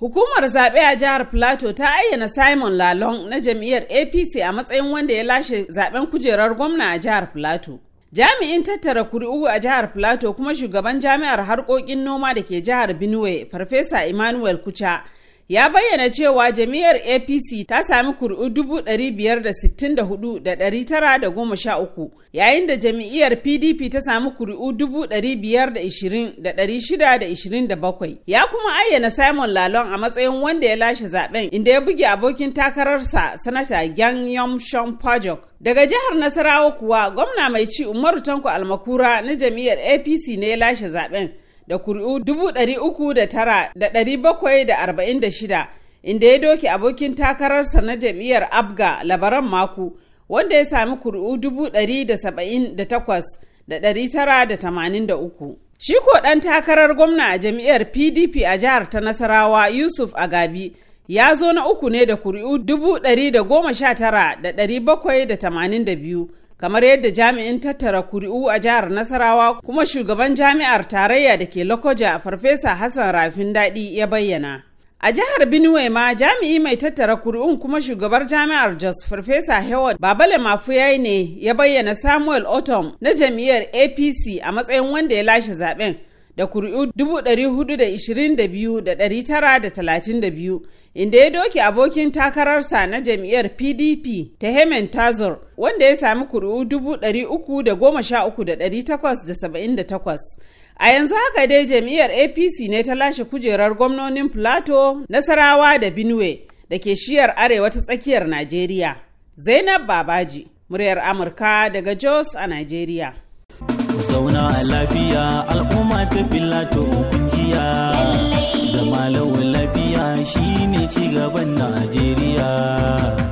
Hukumar zaɓe a jihar Plateau ta ayyana Simon Lalong na jam'iyyar APC a matsayin wanda ya lashe zaɓen kujerar gwamna a jihar Plateau. Jami'in tattara kuri'u a jihar Plateau kuma shugaban jami'ar harkokin noma da ke jihar Benue, Farfesa Emmanuel Kucha, ya bayyana cewa jami'ar apc ta sami kuri'u 564,913 yayin da jami'iyar pdp ta sami kuri'u 520,627 ya kuma ayyana simon lalon a matsayin wanda ya lashe zaben inda ya buge abokin takararsa sanata gyang yom shon pajok daga jihar nasarawa kuwa gwamna mai ci umaru tanko almakura na jami'ar apc ne ya lashe zaben da kuri'u 309,746 inda ya doke abokin takararsa na jam'iyyar abga labaran maku wanda ya sami kuri'u 178,983 shi ko dan takarar gwamna a jam'iyyar pdp a jihar ta nasarawa yusuf agabi ya zo na uku ne da kuri'u 119,782 kamar yadda jami'in tattara kuri'u a jihar nasarawa kuma shugaban jami'ar tarayya da ke lokoja farfesa hassan rafin daɗi ya bayyana a jihar benue ma jami'i mai tattara kuri'un kuma shugabar jami'ar jos farfesa howard babale ne ya bayyana samuel otom na jam'iyyar apc a matsayin wanda ya lashe zaben da kuri'u 422,932 inda ya doke abokin takararsa na jam'iyyar pdp ta hemen tazor wanda ya sami kuri'u 313,878 a yanzu haka dai jam'iyyar apc ne ta lashe kujerar gwamnonin plato nasarawa da benue da ke shiyar arewa ta tsakiyar najeriya zainab babaji muryar amurka daga jos a najeriya zauna a lafiya al'umma ta filato kungiya. Zama lawan lafiya shine cigaban Najeriya.